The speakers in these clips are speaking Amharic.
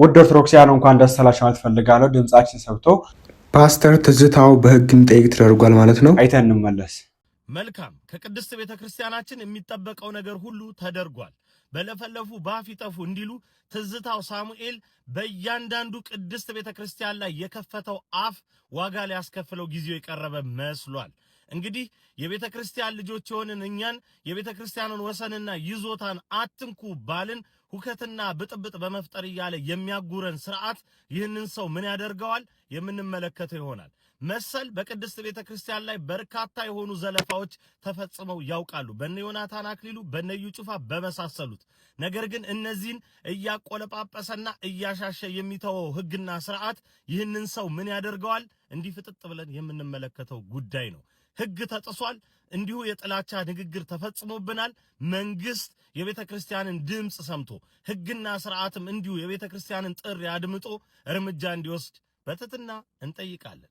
ውድ ኦርቶዶክሲያን እንኳን ደስ አላችሁ ማለት ፈልጋለሁ። ድምጻችን ሰብቶ ፓስተር ትዝታው በህግ እንጠይቅ ተደርጓል ማለት ነው። አይተን እንመለስ። መልካም ከቅድስት ቤተ ክርስቲያናችን የሚጠበቀው ነገር ሁሉ ተደርጓል። በለፈለፉ ባፍ ይጠፉ እንዲሉ ትዝታው ሳሙኤል በእያንዳንዱ ቅድስት ቤተ ክርስቲያን ላይ የከፈተው አፍ ዋጋ ሊያስከፍለው ጊዜው የቀረበ መስሏል። እንግዲህ የቤተ ክርስቲያን ልጆች የሆንን እኛን የቤተ ክርስቲያንን ወሰንና ይዞታን አትንኩ ባልን ሁከትና ብጥብጥ በመፍጠር እያለ የሚያጉረን ስርዓት ይህንን ሰው ምን ያደርገዋል የምንመለከተው ይሆናል። መሰል በቅድስት ቤተ ክርስቲያን ላይ በርካታ የሆኑ ዘለፋዎች ተፈጽመው ያውቃሉ። በነ ዮናታን አክሊሉ፣ በነ እዩ ጩፋ በመሳሰሉት። ነገር ግን እነዚህን እያቆለጳጰሰና እያሻሸ የሚተወው ህግና ስርዓት ይህንን ሰው ምን ያደርገዋል? እንዲህ ፍጥጥ ብለን የምንመለከተው ጉዳይ ነው። ህግ ተጥሷል። እንዲሁ የጥላቻ ንግግር ተፈጽሞብናል። መንግስት የቤተ ክርስቲያንን ድምፅ ሰምቶ ህግና ስርዓትም እንዲሁ የቤተ ክርስቲያንን ጥሪ አድምጦ እርምጃ እንዲወስድ በትትና እንጠይቃለን።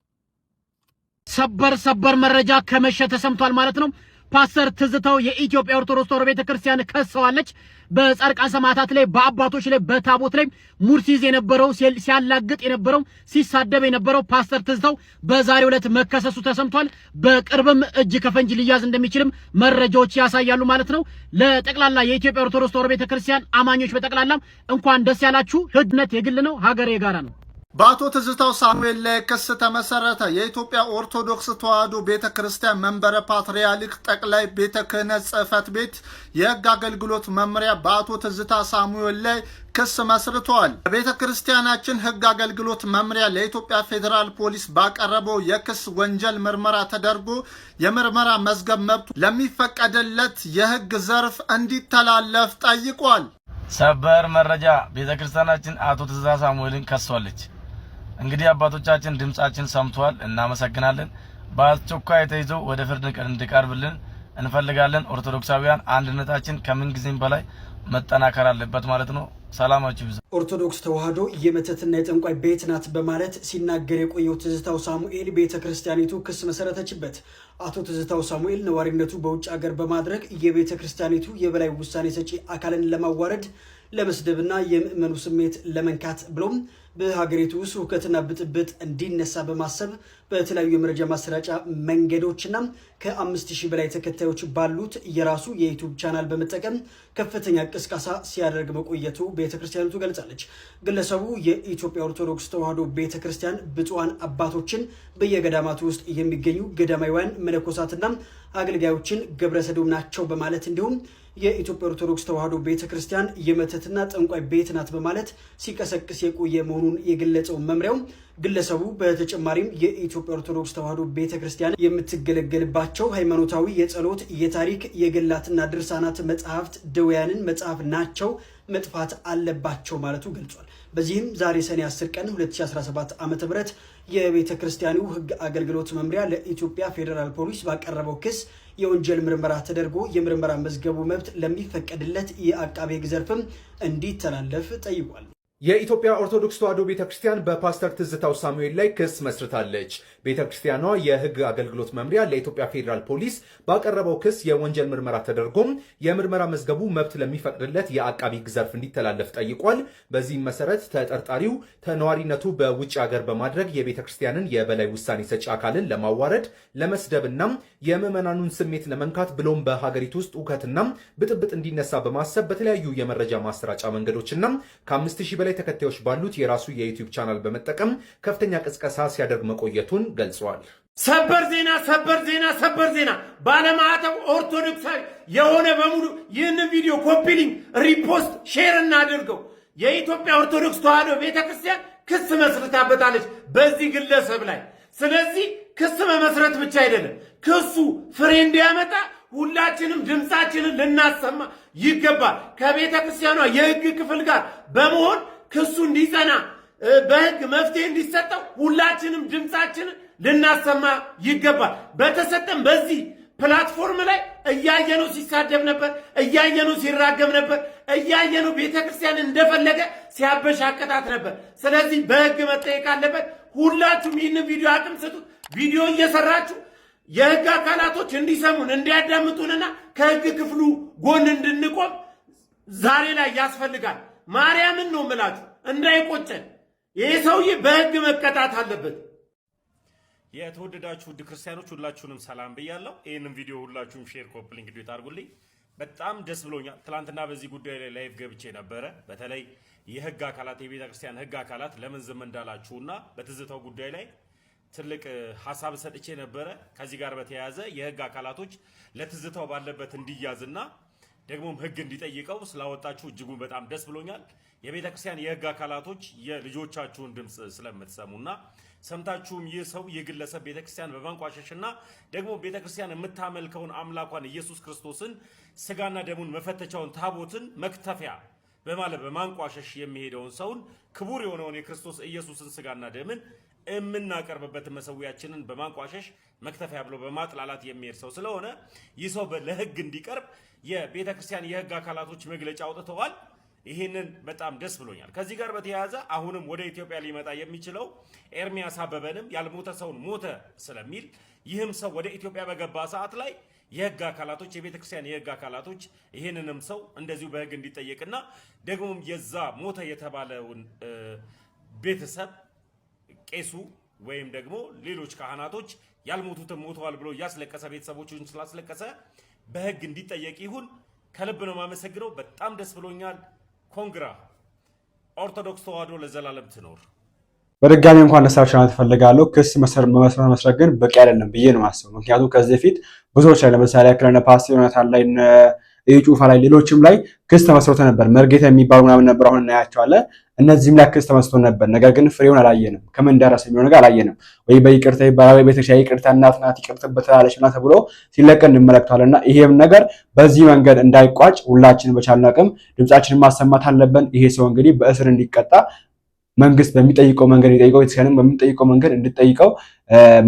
ሰበር ሰበር መረጃ ከመሸ ተሰምቷል ማለት ነው። ፓስተር ትዝታው የኢትዮጵያ ኦርቶዶክስ ተዋሕዶ ቤተክርስቲያን ከሰዋለች። በጻድቃን ሰማዕታት ላይ፣ በአባቶች ላይ፣ በታቦት ላይ ሙርሲዝ የነበረው ሲያላግጥ የነበረው ሲሳደብ የነበረው ፓስተር ትዝታው በዛሬ ዕለት መከሰሱ ተሰምቷል። በቅርብም እጅ ከፈንጅ ሊያዝ እንደሚችልም መረጃዎች ያሳያሉ ማለት ነው። ለጠቅላላ የኢትዮጵያ ኦርቶዶክስ ተዋሕዶ ቤተክርስቲያን አማኞች በጠቅላላ እንኳን ደስ ያላችሁ። ሕግነት የግል ነው፣ ሀገር የጋራ ነው። በአቶ ትዝታው ሳሙኤል ላይ ክስ ተመሰረተ። የኢትዮጵያ ኦርቶዶክስ ተዋሕዶ ቤተ ክርስቲያን መንበረ ፓትርያርክ ጠቅላይ ቤተ ክህነት ጽሕፈት ቤት የሕግ አገልግሎት መምሪያ በአቶ ትዝታ ሳሙኤል ላይ ክስ መስርተዋል። በቤተ ክርስቲያናችን ሕግ አገልግሎት መምሪያ ለኢትዮጵያ ፌዴራል ፖሊስ ባቀረበው የክስ ወንጀል ምርመራ ተደርጎ የምርመራ መዝገብ መብቱ ለሚፈቀድለት የሕግ ዘርፍ እንዲተላለፍ ጠይቋል። ሰበር መረጃ ቤተ ክርስቲያናችን አቶ ትዝታ ሳሙኤልን ከሷለች። እንግዲህ አባቶቻችን ድምጻችን ሰምቷል፣ እናመሰግናለን። በአስቸኳይ ተይዞ ወደ ፍርድ እንዲቀርብልን እንፈልጋለን። ኦርቶዶክሳዊያን አንድነታችን ከምን ጊዜም በላይ መጠናከር አለበት ማለት ነው። ሰላማችሁ ይብዛ። ኦርቶዶክስ ተዋህዶ የመተትና የጠንቋይ ቤት ናት በማለት ሲናገር የቆየው ትዝታው ሳሙኤል ቤተ ክርስቲያኒቱ ክስ መሰረተችበት። አቶ ትዝታው ሳሙኤል ነዋሪነቱ በውጭ ሀገር በማድረግ የቤተ ክርስቲያኒቱ የበላይ ውሳኔ ሰጪ አካልን ለማዋረድ ለመስደብና የምዕመኑ ስሜት ለመንካት ብሎም በሀገሪቱ ውስጥ ሁከትና ብጥብጥ እንዲነሳ በማሰብ በተለያዩ የመረጃ ማሰራጫ መንገዶችና ከአምስት ሺህ በላይ ተከታዮች ባሉት የራሱ የዩቱብ ቻናል በመጠቀም ከፍተኛ ቅስቀሳ ሲያደርግ መቆየቱ ቤተክርስቲያኒቱ ገልጻለች። ግለሰቡ የኢትዮጵያ ኦርቶዶክስ ተዋሕዶ ቤተክርስቲያን ብፁዓን አባቶችን በየገዳማቱ ውስጥ የሚገኙ ገዳማውያን መነኮሳትና አገልጋዮችን ግብረ ናቸው በማለት እንዲሁም የኢትዮጵያ ኦርቶዶክስ ተዋሕዶ ቤተ ክርስቲያን የመተትና ጠንቋይ ቤት ናት በማለት ሲቀሰቅስ የቆየ መሆኑን የገለጸው መምሪያው ግለሰቡ በተጨማሪም የኢትዮጵያ ኦርቶዶክስ ተዋሕዶ ቤተ ክርስቲያን የምትገለገልባቸው ሃይማኖታዊ፣ የጸሎት፣ የታሪክ፣ የገላትና ድርሳናት መጽሐፍት ደውያንን መጽሐፍ ናቸው መጥፋት አለባቸው ማለቱ ገልጿል። በዚህም ዛሬ ሰኔ 10 ቀን 2017 ዓ.ም የቤተ ክርስቲያኑ ሕግ አገልግሎት መምሪያ ለኢትዮጵያ ፌዴራል ፖሊስ ባቀረበው ክስ የወንጀል ምርመራ ተደርጎ የምርመራ መዝገቡ መብት ለሚፈቀድለት የአቃቤ ሕግ ዘርፍም እንዲተላለፍ ጠይቋል። የኢትዮጵያ ኦርቶዶክስ ተዋሕዶ ቤተ ክርስቲያን በፓስተር ትዝታው ሳሙኤል ላይ ክስ መስርታለች። ቤተ ክርስቲያኗ የሕግ አገልግሎት መምሪያ ለኢትዮጵያ ፌዴራል ፖሊስ ባቀረበው ክስ የወንጀል ምርመራ ተደርጎም የምርመራ መዝገቡ መብት ለሚፈቅድለት የአቃቢ ሕግ ዘርፍ እንዲተላለፍ ጠይቋል። በዚህም መሰረት ተጠርጣሪው ተነዋሪነቱ በውጭ ሀገር በማድረግ የቤተ ክርስቲያንን የበላይ ውሳኔ ሰጪ አካልን ለማዋረድ ለመስደብና የምዕመናኑን ስሜት ለመንካት ብሎም በሀገሪቱ ውስጥ እውከትና ብጥብጥ እንዲነሳ በማሰብ በተለያዩ የመረጃ ማሰራጫ መንገዶችና ከአምስት ሺህ በላይ በላይ ተከታዮች ባሉት የራሱ የዩቲዩብ ቻናል በመጠቀም ከፍተኛ ቅስቀሳ ሲያደርግ መቆየቱን ገልጿል። ሰበር ዜና! ሰበር ዜና! ሰበር ዜና! ባለማዕተብ ኦርቶዶክሳዊ የሆነ በሙሉ ይህንን ቪዲዮ ኮፒሊንግ፣ ሪፖስት፣ ሼር እናድርገው። የኢትዮጵያ ኦርቶዶክስ ተዋሕዶ ቤተክርስቲያን ክስ መስርታበታለች በዚህ ግለሰብ ላይ። ስለዚህ ክስ መመስረት ብቻ አይደለም፣ ክሱ ፍሬ እንዲያመጣ ሁላችንም ድምፃችንን ልናሰማ ይገባል። ከቤተክርስቲያኗ የህግ ክፍል ጋር በመሆን ክሱ እንዲጸና በህግ መፍትሄ እንዲሰጠው ሁላችንም ድምፃችንን ልናሰማ ይገባል። በተሰጠን በዚህ ፕላትፎርም ላይ እያየነው ሲሳደብ ነበር፣ እያየነው ሲራገም ነበር፣ እያየነው ቤተክርስቲያን እንደፈለገ ሲያበሻቀጣት ነበር። ስለዚህ በህግ መጠየቅ አለበት። ሁላችሁም ይህንን ቪዲዮ አቅም ስጡት። ቪዲዮ እየሰራችሁ የህግ አካላቶች እንዲሰሙን እንዲያዳምጡንና ከህግ ክፍሉ ጎን እንድንቆም ዛሬ ላይ ያስፈልጋል። ማርያምን ነው ምላት እንዳይቆጨን። ይህ ሰውዬ በህግ መቀጣት አለበት። የተወደዳችሁ ውድ ክርስቲያኖች ሁላችሁንም ሰላም ብያለሁ። ይህንም ቪዲዮ ሁላችሁም ሼር፣ ኮፒ ሊንክ አድርጉልኝ። በጣም ደስ ብሎኛል። ትናንትና በዚህ ጉዳይ ላይ ላይቭ ገብቼ ነበረ። በተለይ የህግ አካላት የቤተ ክርስቲያን ህግ አካላት ለምን ዝም እንዳላችሁና በትዝታው ጉዳይ ላይ ትልቅ ሀሳብ ሰጥቼ ነበረ። ከዚህ ጋር በተያያዘ የህግ አካላቶች ለትዝታው ባለበት እንዲያዝና ደግሞም ህግ እንዲጠይቀው ስላወጣችሁ እጅጉን በጣም ደስ ብሎኛል። የቤተ ክርስቲያን የህግ አካላቶች የልጆቻችሁን ድምፅ ስለምትሰሙና ሰምታችሁም ይህ ሰው ይህ ግለሰብ ቤተ ክርስቲያን በማንቋሸሽና ደግሞ ቤተ ክርስቲያን የምታመልከውን አምላኳን ኢየሱስ ክርስቶስን ስጋና ደሙን መፈተቻውን ታቦትን መክተፊያ በማለት በማንቋሸሽ የሚሄደውን ሰውን ክቡር የሆነውን የክርስቶስ ኢየሱስን ስጋና ደምን የምናቀርብበት መሰዊያችንን በማንቋሸሽ መክተፊያ ብሎ በማጥላላት የሚሄድ ሰው ስለሆነ ይህ ሰው ለህግ እንዲቀርብ የቤተ ክርስቲያን የህግ አካላቶች መግለጫ አውጥተዋል። ይህንን በጣም ደስ ብሎኛል። ከዚህ ጋር በተያያዘ አሁንም ወደ ኢትዮጵያ ሊመጣ የሚችለው ኤርሚያስ አበበንም ያልሞተ ሰውን ሞተ ስለሚል ይህም ሰው ወደ ኢትዮጵያ በገባ ሰዓት ላይ የህግ አካላቶች የቤተ ክርስቲያን የህግ አካላቶች ይህንንም ሰው እንደዚሁ በህግ እንዲጠየቅና ደግሞም የዛ ሞተ የተባለውን ቤተሰብ ቄሱ ወይም ደግሞ ሌሎች ካህናቶች ያልሞቱትን ሞተዋል ብሎ እያስለቀሰ ቤተሰቦችን ስላስለቀሰ በህግ እንዲጠየቅ ይሁን። ከልብ ነው የማመሰግነው። በጣም ደስ ብሎኛል። ኮንግራ። ኦርቶዶክስ ተዋህዶ ለዘላለም ትኖር። በድጋሚ እንኳን ደሳችን አትፈልጋለሁ። ክስ መመስረት ግን በቂ አይደለም ብዬ ነው የማስበው። ምክንያቱም ከዚህ በፊት ብዙዎች ላይ ለምሳሌ ክለነ ፓስተር ዮናታን ላይ እዩ ጩፋ ላይ ሌሎችም ላይ ክስ ተመስርቶ ነበር። መርጌታ የሚባሉ ምናምን ነበር። አሁን እናያቸዋለን። እነዚህም ላይ ክስ ተመስርቶ ነበር። ነገር ግን ፍሬውን አላየንም። ከምን ደረሰ የሚሆን ነገር አላየንም። ወይ በይቅርታ ይባላል፣ ወይ ቤተክርስቲያን ይቅርታ እናት ናት ይቅርትበት ትላለች ምናምን ተብሎ ሲለቀ እንመለከተዋለን እና ይሄም ነገር በዚህ መንገድ እንዳይቋጭ ሁላችንም በቻልን አቅም ድምጻችንን ማሰማት አለብን። ይሄ ሰው እንግዲህ በእስር እንዲቀጣ መንግስት በሚጠይቀው መንገድ እንዲጠይቀው ቤተክርስቲያንም በሚጠይቀው መንገድ እንድጠይቀው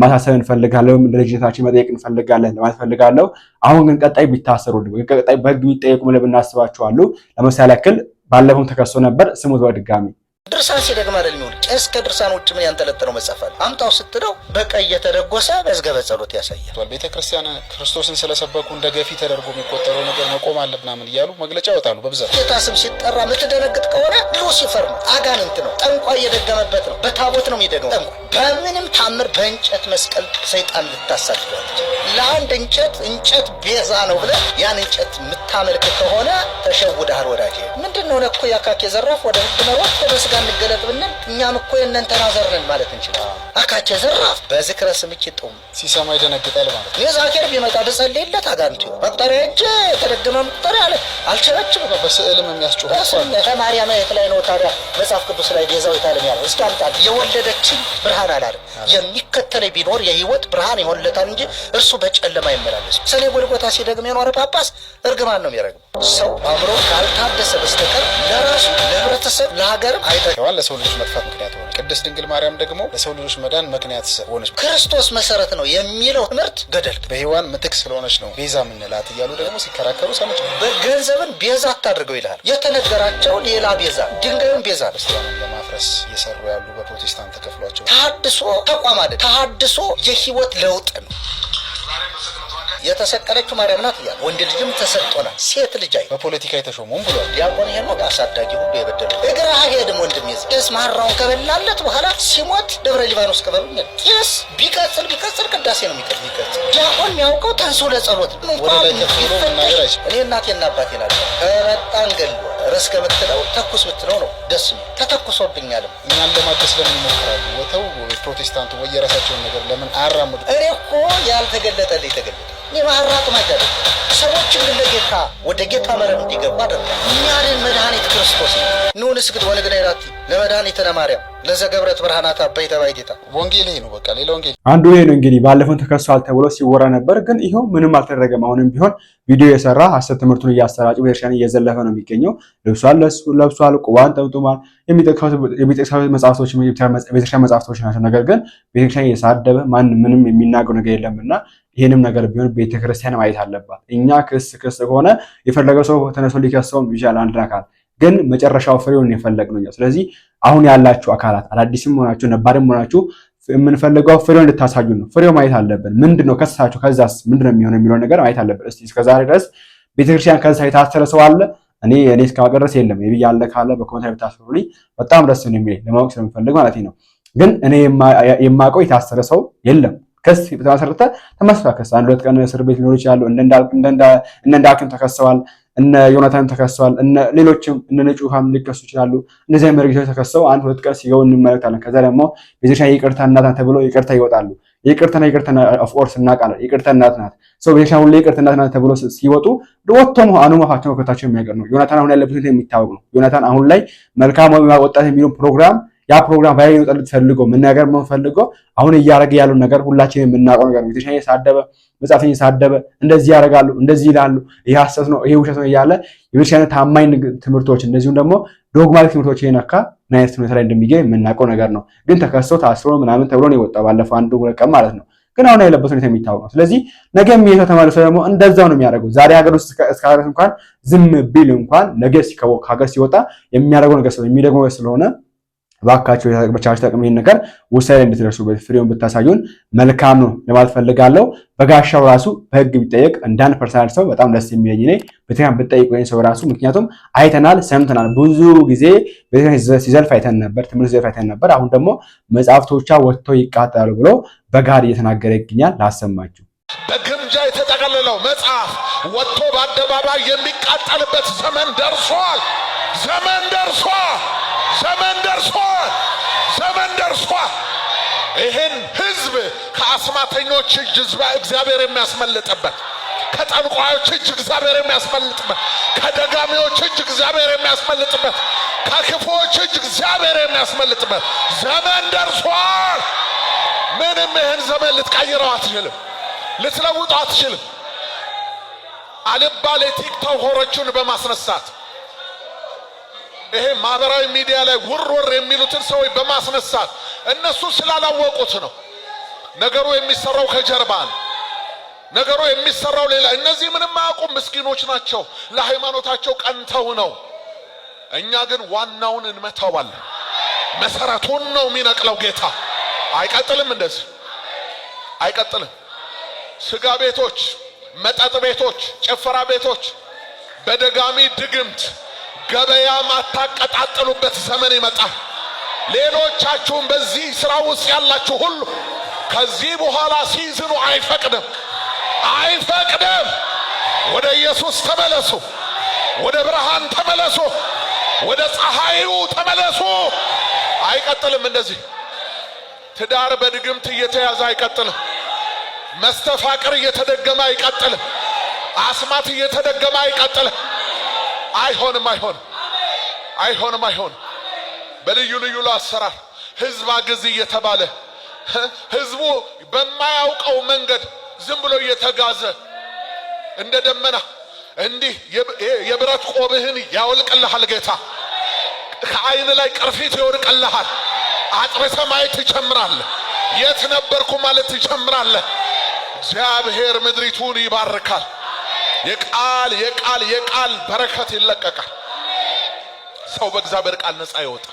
ማሳሰብ እንፈልጋለሁ። እንደ ልጅነታችን መጠየቅ እንፈልጋለን ለማለት ፈልጋለሁ። አሁን ግን ቀጣይ ቢታሰሩ ቀጣይ በህግ የሚጠየቁ ብናስባቸዋሉ ለምሳሌ ያክል ባለፈውም ተከሶ ነበር። ስሙት በድጋሚ ድርሳን ሲደግም አይደል የሚሆን ቄስ ከድርሳን ውጭ ምን ያንጠለጠለው መጽሐፍ አምጣው ስትለው በቃ እየተደጎሰ መዝገበ ጸሎት ያሳያል። ቤተ ክርስቲያን ክርስቶስን ስለሰበኩ እንደ ገፊ ተደርጎ የሚቆጠረው ነገር መቆም አለ ምናምን እያሉ መግለጫ ያወጣሉ። በብዛት ጌታ ስም ሲጠራ የምትደነግጥ ከሆነ ሉሲፈር ነው፣ አጋንንት ነው፣ ጠንቋ እየደገመበት ነው። በታቦት ነው የሚደግመው ጠንቋ። በምንም ታምር በእንጨት መስቀል ሰይጣን ልታሳድዳለች። ለአንድ እንጨት እንጨት ቤዛ ነው ብለ ያን እንጨት የምታመልክ ከሆነ ተሸውደሃል ወዳጄ። ምንድን ነው ነኮ ያካክ የዘራፍ ወደ ህግ መሮት ጋር እንገለጥ ብንል እኛም እኮ የእነንተና አዘር ማለት እንችላለን። አካቸ ዘራፍ በዝክረ ስምክ ይጠሙ ሲሰማ ይደነግጣል ማለት ነው። ዛኬር ቢመጣ ብጸልይለት አጋንቱ መቁጠሪያ እጅ የተደገመ መቁጠሪያ አለ አልቸረችም። በስዕልም የሚያስጩ ከማርያም የት ላይ ነው ታዲያ? መጽሐፍ ቅዱስ ላይ ቤዛው የታለም ያለ እስኪ አምጣ። የወለደችኝ ብርሃን አላለ የሚከተለኝ ቢኖር የህይወት ብርሃን ይሆንለታል እንጂ እርሱ በጨለማ ይመላለስ። ሰኔ ጎልጎታ ሲደግም የኖረ ጳጳስ እርግማን ነው የሚረግም ሰው አእምሮ ካልታደሰ በስተቀር ለራሱ ለህብረተሰብ፣ ለሀገር አይጠቅመዋል። ለሰው ልጆች መጥፋት ምክንያት ሆነ። ቅድስት ድንግል ማርያም ደግሞ ለሰው ልጆች መዳን ምክንያት ሆነች። ክርስቶስ መሰረት ነው የሚለው ትምህርት ገደል በሔዋን ምትክ ስለሆነች ነው ቤዛ ምንላት እያሉ ደግሞ ሲከራከሩ ሰምቼ በገንዘብን ቤዛ አታድርገው ይልሃል። የተነገራቸው ሌላ ቤዛ ድንጋዩን ቤዛ ነው። ለማፍረስ እየሰሩ ያሉ በፕሮቴስታንት ተከፍሏቸው ተሀድሶ ተቋም አይደል። ተሀድሶ የህይወት ለውጥ ነው። የተሰቀለችው ማርያም ናት እያለ ወንድ ልጅም ተሰጥቶናል፣ ሴት ልጅ አይ በፖለቲካ የተሾሙም ብሏል። ዲያቆን ይሄን አሳዳጊ ሁሉ የበደሉ እግራ ሄድም ወንድም ይዝ ቄስ ማራውን ከበላለት በኋላ ሲሞት ደብረ ሊባኖስ ከበሉኝ። ቄስ ቢቀጽል ቢቀጽል ቅዳሴ ነው የሚቀጽል ቢቀጽል ዲያቆን የሚያውቀው ተንሶ ለጸሎት ወደ ላይ ከፍሎ እኔ እናቴና አባቴ ናቸው ከመጣን ገሉ ርስ ከምትለው ተኩስ ብትለው ነው ደስ ነው። ተተኩሶብኛልም እኛን ለማደስ ለምን ይሞክራሉ? ወተው ፕሮቴስታንቱ የራሳቸውን ነገር ለምን አራምዱ? እኔ እኮ ያልተገለጠልኝ ተገለጠ። የባህር ማደር ሰዎችን ግን ለጌታ ወደ ጌታ መረብ እንዲገባ አደረገ። እኛን መድኃኒት ክርስቶስ ነው። ኑ ንስግድ ወንግዳይራት ለመድኃኒት ለማርያም ለዘገብረት ብርሃናት አበይ ተባይ ጌታ ወንጌል ይሄ ነው። በቃ ሌላ ወንጌል አንዱ ይሄ ነው። እንግዲህ ባለፈው ተከሷል ተብሎ ሲወራ ነበር፣ ግን ይኸው ምንም አልተደረገም። አሁንም ቢሆን ቪዲዮ የሰራ ሐሰት ትምህርቱን እያሰራጭ ቤተክርስቲያን እየዘለፈ ነው የሚገኘው። ልብሷን ለብሷል፣ ቁባን ጠምጥሟል። የሚጠቅሳት መጽሐፍቶች ቤተክርስቲያን መጽሐፍቶች ናቸው። ነገር ግን ቤተክርስቲያን እየሳደበ ማንም ምንም የሚናገሩ ነገር የለምና ይህንም ነገር ቢሆን ቤተክርስቲያን ማየት አለባት። እኛ ክስ ክስ ከሆነ የፈለገ ሰው ተነስቶ ሊከሰውም ይችላል አንድ አካል ግን መጨረሻው ፍሬውን የፈለግነው እኛ። ስለዚህ አሁን ያላችሁ አካላት አዳዲስም ሆናችሁ ነባርም ሆናችሁ የምንፈልገው ፍሬውን እንድታሳዩ ነው። ፍሬው ማየት አለብን። ምንድነው ከሳችሁ፣ ከዛስ ምንድነው የሚሆነው የሚለው ነገር ማየት አለብን። እስቲ እስከዛሬ ድረስ ቤተክርስቲያን ከዛ የታሰረ ሰው አለ? እኔ እኔ እስካሁን ድረስ የለም። ይብ ያለ ካለ በኮሜንት ብታስፈሩልኝ በጣም ደስ ነው የሚለኝ ለማወቅ ስለምፈልግ ማለት ነው። ግን እኔ የማውቀው የታሰረ ሰው የለም። ክስ በተመሰረተ ተመስርቷል። ክስ አንድ ሁለት ቀን እስር ቤት ሊሆኑ ይችላሉ። እነ ሀኪም ተከሰዋል፣ እነ ዮናታንም ተከሰዋል፣ እነ ሌሎችም እነ ንጩሃም ሊከሱ ይችላሉ። እነዚህ መርጊቶች ተከሰው አንድ ሁለት ቀን ሲገቡ እንመለከታለን። ከዛ ደግሞ ቤተሻ ይቅርታ እናት ናት ተብሎ ይቅርታ ይወጣሉ። ይቅርታና ይቅርታና ኦፍኮርስ እናውቃለን። ይቅርታ እናት ናት። ሰው ቤተሻ ሁሉ ይቅርታ እናት ናት ተብሎ ሲወጡ ወጥቶም አኑ ማፋቸው መከታቸው የሚያቀር ነው። ዮናታን አሁን ያለበት ሁኔታ የሚታወቅ ነው። ዮናታን አሁን ላይ መልካም ወጣት የሚለውን ፕሮግራም ያ ፕሮግራም ባይ ይወጣል ምን ነገር ምን ፈልጎ አሁን እያደረገ ያለው ነገር ሁላችንም የምናውቀው ነገር ቤተሻን የሳደበ መጻፈኝ የሳደበ እንደዚህ ያደርጋሉ፣ እንደዚህ ይላሉ፣ ይህ ሐሰት ነው፣ ይሄ ውሸት ነው እያለ የቤተሻን ታማኝ ትምህርቶች እንደዚሁም ደግሞ ዶግማቲክ ትምህርቶች የነካ ምን አይነት ሁኔታ ላይ እንደሚገኝ የምናውቀው ነገር ነው። ግን ተከስቶ ታስሮ ምናምን ተብሎ ነው የወጣው ባለፈው አንዱ ቀን ማለት ነው። ግን አሁን ያለበት ሁኔታ የሚታወቅ ነው። ስለዚህ ነገ የሚሄደው ተመልሶ ደግሞ እንደዛው ነው የሚያደርገው። ዛሬ ሀገር ውስጥ እስካረስ እንኳን ዝም ቢል እንኳን ነገ ሀገር ሲወጣ የሚያደርገው ነገር ስለሆነ የሚደግመው ስለሆነ እባካችሁ የተቅበቻች ጠቅም ይህን ነገር ውሳኔ ላይ እንድትደርሱበት ፍሬውን ብታሳዩን መልካም ነው ለማለት ፈልጋለሁ። በጋሻው ራሱ በህግ ቢጠየቅ እንዳንድ ፐርሰናል ሰው በጣም ደስ የሚለኝ ነ ቤተክርስቲያን ብጠይቅ ወይም ሰው ራሱ ምክንያቱም አይተናል፣ ሰምተናል። ብዙ ጊዜ ቤተክርስቲያን ሲዘልፍ አይተን ነበር፣ ትምህርት ሲዘልፍ አይተን ነበር። አሁን ደግሞ መጽሐፍቶቿ ወጥተው ይቃጠላሉ ብሎ በጋር እየተናገረ ይገኛል። ላሰማችሁ በግምጃ የተጠቀለለው መጽሐፍ ወጥቶ በአደባባይ የሚቃጠልበት ዘመን ደርሷል። ዘመን ደርሷል። ዘመን ደርሷል። ዘመን ደርሷል። ይህን ህዝብ ከአስማተኞች እጅ እግዚአብሔር የሚያስመልጥበት ከጠንቋዮች እጅ እግዚአብሔር የሚያስመልጥበት ከደጋሚዎች እጅ እግዚአብሔር የሚያስመልጥበት ከክፉዎች እጅ እግዚአብሔር የሚያስመልጥበት ዘመን ደርሷል። ምንም ይህን ዘመን ልትቀይረው አትችልም፣ ልትለውጠው አትችልም። አልባሌ ቲክቶከሮቹን በማስነሳት ይሄ ማህበራዊ ሚዲያ ላይ ውር ውር የሚሉትን ሰዎች በማስነሳት እነሱ ስላላወቁት ነው። ነገሩ የሚሰራው ከጀርባ ነው። ነገሩ የሚሰራው ሌላ። እነዚህ ምንም አያውቁም፣ ምስኪኖች ናቸው። ለሃይማኖታቸው ቀንተው ነው። እኛ ግን ዋናውን እንመታዋለን። መሰረቱን ነው የሚነቅለው ጌታ። አይቀጥልም፣ እንደዚህ አይቀጥልም። ስጋ ቤቶች፣ መጠጥ ቤቶች፣ ጭፈራ ቤቶች በደጋሚ ድግምት ገበያ ማታቀጣጥሉበት ዘመን ይመጣል። ሌሎቻችሁም በዚህ ስራ ውስጥ ያላችሁ ሁሉ ከዚህ በኋላ ሲዝኑ አይፈቅድም፣ አይፈቅድም። ወደ ኢየሱስ ተመለሱ፣ ወደ ብርሃን ተመለሱ፣ ወደ ፀሐዩ ተመለሱ። አይቀጥልም እንደዚህ ትዳር በድግምት እየተያዘ አይቀጥልም። መስተፋቅር እየተደገመ አይቀጥልም። አስማት እየተደገመ አይቀጥልም። አይሆንም አይሆን አይሆንም አይሆን በልዩ ልዩ አሰራር ህዝብ አግዝ እየተባለ ህዝቡ በማያውቀው መንገድ ዝም ብሎ እየተጋዘ እንደ ደመና እንዲህ የብረት ቆብህን ያወልቅልሃል ጌታ። ከአይን ላይ ቅርፊት ይወድቅልሃል። አጥበ ማየት ትጀምራለህ። የት ነበርኩ ማለት ትጀምራለህ። እግዚአብሔር ምድሪቱን ይባርካል። የቃል የቃል የቃል በረከት ይለቀቃል። ሰው በእግዚአብሔር ቃል ነፃ ይወጣ።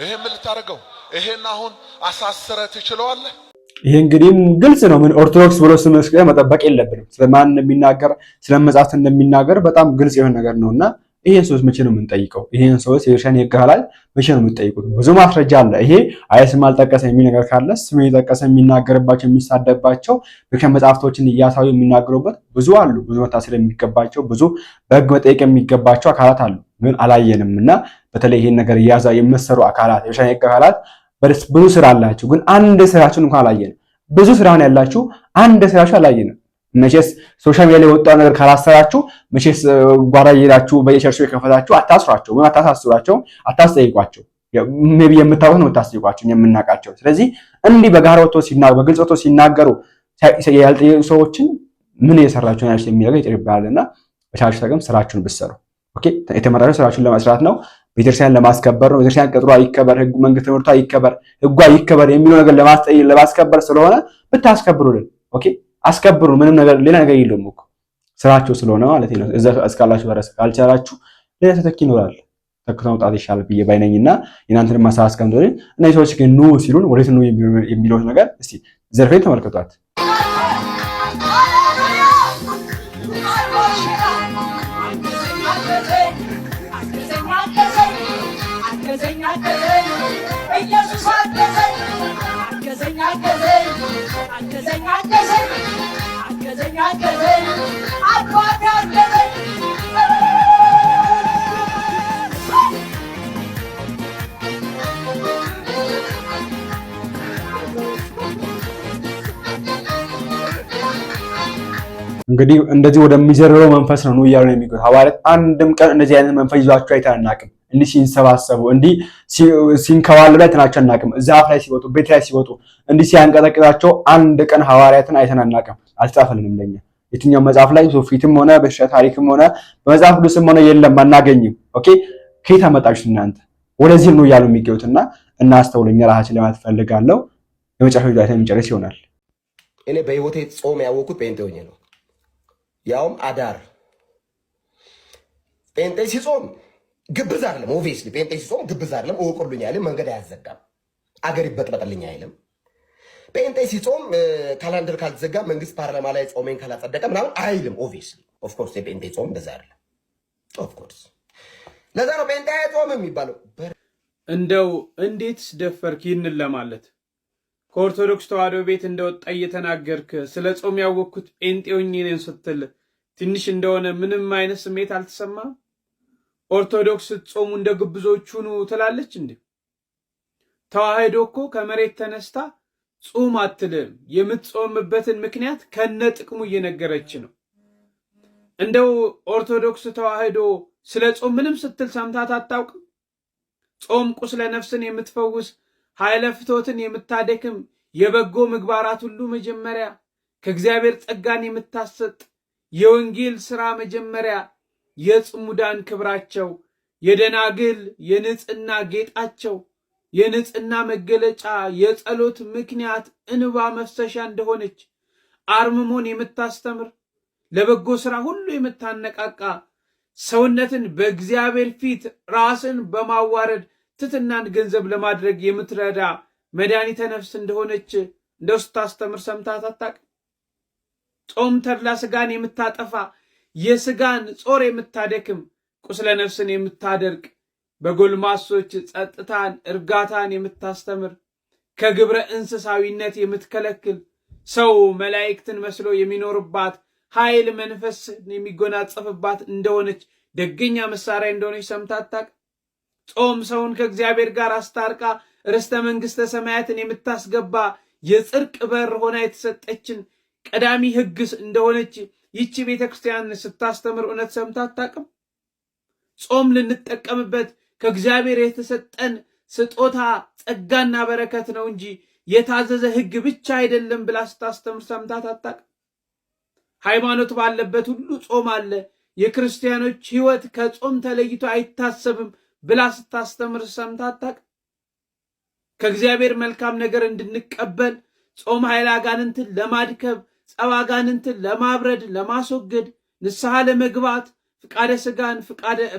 ይሄ ምን ልታደርገው? ይሄን አሁን አሳስረ ትችለዋለህ። ይሄ እንግዲህ ግልጽ ነው። ምን ኦርቶዶክስ ብሎ ስም መጠበቅ የለብንም። ስለማን እንደሚናገር ስለመጻሕፍት እንደሚናገር በጣም ግልጽ የሆነ ነገር ነውና ይሄን ሰውስ መቼ ነው የምንጠይቀው? ይሄን ሰውስ የእርሻን የሕግ ኃላል መቼ ነው የምንጠይቁት? ብዙ ማስረጃ አለ። ይሄ አይ ስም አልጠቀሰ የሚል ነገር ካለ ስም የጠቀሰ የሚናገርባቸው የሚሳደባቸው ብከ መጽሐፍቶችን እያሳዩ የሚናገሩበት ብዙ አሉ። ብዙ መታሰር የሚገባቸው ብዙ በህግ መጠየቅ የሚገባቸው አካላት አሉ፣ ግን አላየንም እና በተለይ ይሄን ነገር እያዛ የመሰሩ አካላት የእርሻን የሕግ ኃላል ብዙ ስራ አላቸው፣ ግን አንድ ስራችሁን እንኳን አላየንም። ብዙ ስራ ነው ያላችሁ፣ አንድ ስራችሁ አላየንም። መቼስ ሶሻል ሚዲያ ላይ የወጣው ነገር ካላሰራችሁ መቼስ ጓዳ እየሄዳችሁ በየቸርሾ የከፈታችሁ አታስሯቸው ወይም አታሳስሯቸው፣ አታስጠይቋቸው። ቢ የምታውቁት ነው የምታስጠይቋቸው፣ የምናውቃቸው። ስለዚህ እንዲህ በጋራ ወጥቶ ሲናገሩ፣ በግልጽ ወጥቶ ሲናገሩ ያልጠየቁ ሰዎችን ምን እየሰራችሁ ናችሁ የሚለው ይጠይቃል። እና በቻላችሁ ተቅም ስራችሁን ብትሰሩ የተመራችሁ ስራችሁን ለመስራት ነው፣ ቤተክርስቲያን ለማስከበር ነው። ቤተክርስቲያን ቅጥሯ ይከበር፣ ህግ መንግስት ትምህርቷ ይከበር፣ ህጓ ይከበር የሚለው ነገር ለማስጠይቅ ለማስከበር ስለሆነ ብታስከብሩልን አስከብሩ። ምንም ነገር ሌላ ነገር የለውም እኮ ስራቸው ስለሆነ ማለት ነው። እዛ እስካላችሁ በረስ ካልቻላችሁ ሌላ ተተኪ ይኖራል። ተክቶ መውጣት ይሻላል ብዬ ባይነኝ እና የእናንተን ማሳብ እስከምትሆን እና የሰዎች ግን ኑ ሲሉን ወዴት ኑ የሚለውን ነገር እስቲ ዘርፌን ተመልከቷት። እንግዲህ እንደዚህ ወደሚዘርረው መንፈስ ነው እያሉ ነው የሚገኙት ሐዋርያት። አንድም ቀን እንደዚህ አይነት መንፈስ ይዟቸው አይተን እንዲህ ሲንሰባሰቡ እንዲህ ሲንከባለሉ አይተናቸው አናቅም። ዛፍ ላይ ሲወጡ፣ ቤት ላይ ሲወጡ እንዲህ ሲያንቀጠቅጣቸው አንድ ቀን ሐዋርያትን አይተን አናውቅም። አልጻፈልንም ለኛ የትኛው መጽሐፍ ላይ ሶፊትም ሆነ በሽረ ታሪክም ሆነ በመጽሐፍ ቅዱስም ሆነ የለም፣ አናገኝም። ኦኬ ከየት አመጣችሁት እናንተ? ወደዚህ ነው እያሉ የሚገኙትና እና አስተውለኛ ራሳችን ለማለት ፈልጋለሁ። የመጨረሻ ዳይታ የሚጨርስ ይሆናል። እኔ በህይወቴ ጾም ያወኩት ጴንጤ ሆኜ ነው ያውም አዳር ጴንጤ ሲጾም ግብዝ አይደለም። ኦቬስ ጴንጤ ሲጾም ግብዝ አይደለም። እወቁልኝ አይልም። መንገድ አያዘጋም። አገር ይበጥበጥልኝ አይልም። ጴንጤ ሲጾም ካላንደር ካልተዘጋ መንግስት ፓርላማ ላይ ጾሜን ካላጸደቀ ምናምን አይልም። ኦቬስ ኦፍኮርስ የጴንጤ ጾም እንደዛ አይደለም። ኦፍኮርስ ለዛ ነው ጴንጤ አይጾም የሚባለው። እንደው እንዴት ደፈርክ ይህንን ለማለት ከኦርቶዶክስ ተዋሕዶ ቤት እንደወጣ እየተናገርክ ስለ ጾም ያወቅኩት ጴንጤውኝ ነን ስትል ትንሽ እንደሆነ ምንም አይነት ስሜት አልተሰማ? ኦርቶዶክስ ስትጾሙ እንደ ግብዞች ሁኑ ትላለች እንዴ? ተዋሕዶ እኮ ከመሬት ተነስታ ጾም አትልም። የምትጾምበትን ምክንያት ከነ ጥቅሙ እየነገረች ነው። እንደው ኦርቶዶክስ ተዋሕዶ ስለ ጾም ምንም ስትል ሰምታት አታውቅም? ጾም ቁስለ ነፍስን የምትፈውስ ኃይለ ፍቶትን የምታደክም የበጎ ምግባራት ሁሉ መጀመሪያ ከእግዚአብሔር ጸጋን የምታሰጥ የወንጌል ሥራ መጀመሪያ የጽሙዳን ክብራቸው የደናግል የንጽሕና ጌጣቸው የንጽህና መገለጫ የጸሎት ምክንያት እንባ መፍሰሻ እንደሆነች አርምሞን የምታስተምር ለበጎ ሥራ ሁሉ የምታነቃቃ ሰውነትን በእግዚአብሔር ፊት ራስን በማዋረድ ትሕትናን ገንዘብ ለማድረግ የምትረዳ መድኃኒተ ነፍስ እንደሆነች እንደው ስታስተምር ሰምታት አታውቅም? ጾም ተድላ ስጋን የምታጠፋ የስጋን ጾር የምታደክም ቁስለ ነፍስን የምታደርቅ በጎልማሶች ጸጥታን፣ እርጋታን የምታስተምር ከግብረ እንስሳዊነት የምትከለክል ሰው መላእክትን መስሎ የሚኖርባት ኃይል መንፈስን የሚጎናጸፍባት እንደሆነች ደገኛ መሳሪያ እንደሆነች ሰምታ ጾም ሰውን ከእግዚአብሔር ጋር አስታርቃ ርስተ መንግሥተ ሰማያትን የምታስገባ የጽርቅ በር ሆና የተሰጠችን ቀዳሚ ሕግ እንደሆነች ይቺ ቤተ ክርስቲያን ስታስተምር እውነት ሰምታ አታውቅም። ጾም ልንጠቀምበት ከእግዚአብሔር የተሰጠን ስጦታ ጸጋና በረከት ነው እንጂ የታዘዘ ሕግ ብቻ አይደለም ብላ ስታስተምር ሰምታት አታውቅም። ሃይማኖት ባለበት ሁሉ ጾም አለ። የክርስቲያኖች ሕይወት ከጾም ተለይቶ አይታሰብም ብላ ስታስተምር ሰምታ አታቅ። ከእግዚአብሔር መልካም ነገር እንድንቀበል ጾም ኃይል አጋንንትን ለማድከብ ጸብ አጋንንትን ለማብረድ ለማስወገድ ንስሐ ለመግባት ፍቃደ ስጋን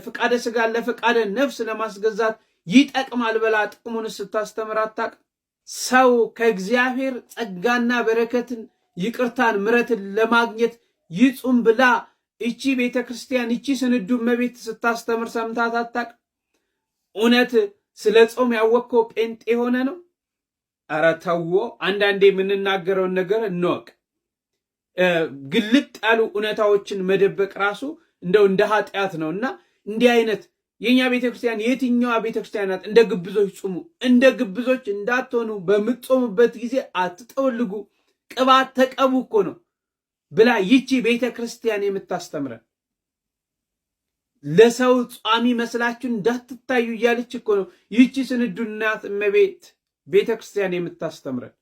ፍቃደ ስጋን ለፍቃደ ነፍስ ለማስገዛት ይጠቅማል ብላ ጥቅሙን ስታስተምር አታቅ። ሰው ከእግዚአብሔር ጸጋና በረከትን ይቅርታን ምረትን ለማግኘት ይጹም ብላ እቺ ቤተ ክርስቲያን እቺ ስንዱ መቤት ስታስተምር ሰምታት አታቅ። እውነት ስለ ጾም ያወቅከው ጴንጤ የሆነ ነው? ኧረ ተዎ። አንዳንዴ የምንናገረውን ነገር እንወቅ። ግልጥ ያሉ እውነታዎችን መደበቅ ራሱ እንደው እንደ ኃጢአት ነው እና እንዲህ አይነት የእኛ ቤተክርስቲያን የትኛዋ ቤተክርስቲያናት እንደ ግብዞች ጹሙ። እንደ ግብዞች እንዳትሆኑ በምትጾሙበት ጊዜ አትጠወልጉ፣ ቅባት ተቀቡ እኮ ነው ብላ ይቺ ቤተክርስቲያን የምታስተምረን ለሰው ጿሚ መስላችሁ እንዳትታዩ እያለች እኮ ነው ይቺ ስንዱ እናት እመቤት ቤተ ክርስቲያን የምታስተምረን።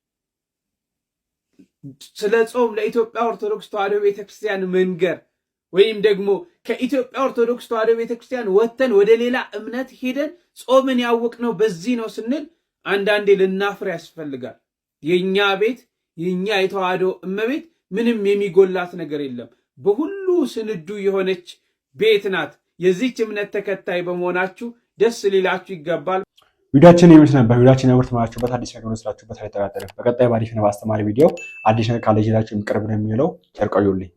ስለ ጾም ለኢትዮጵያ ኦርቶዶክስ ተዋሕዶ ቤተ ክርስቲያን መንገር ወይም ደግሞ ከኢትዮጵያ ኦርቶዶክስ ተዋሕዶ ቤተ ክርስቲያን ወጥተን ወደ ሌላ እምነት ሄደን ጾምን ያወቅነው በዚህ ነው ስንል አንዳንዴ ልናፍር ያስፈልጋል። የእኛ ቤት የእኛ የተዋሕዶ እመቤት ምንም የሚጎላት ነገር የለም። በሁሉ ስንዱ የሆነች ቤት ናት። የዚች እምነት ተከታይ በመሆናችሁ ደስ ሊላችሁ ይገባል። ቪዲዮችን የሚሉት ነበር። ቪዲዮችን ያምርትማችሁበት አዲስ ነገር ስላችሁበት አይጠራጠርም። በቀጣይ በአሪፍ ነው አስተማሪ ቪዲዮ አዲስ ነገር ካለ ይዤላችሁ የሚቀርብ ነው የሚለው ጨርቀዩልኝ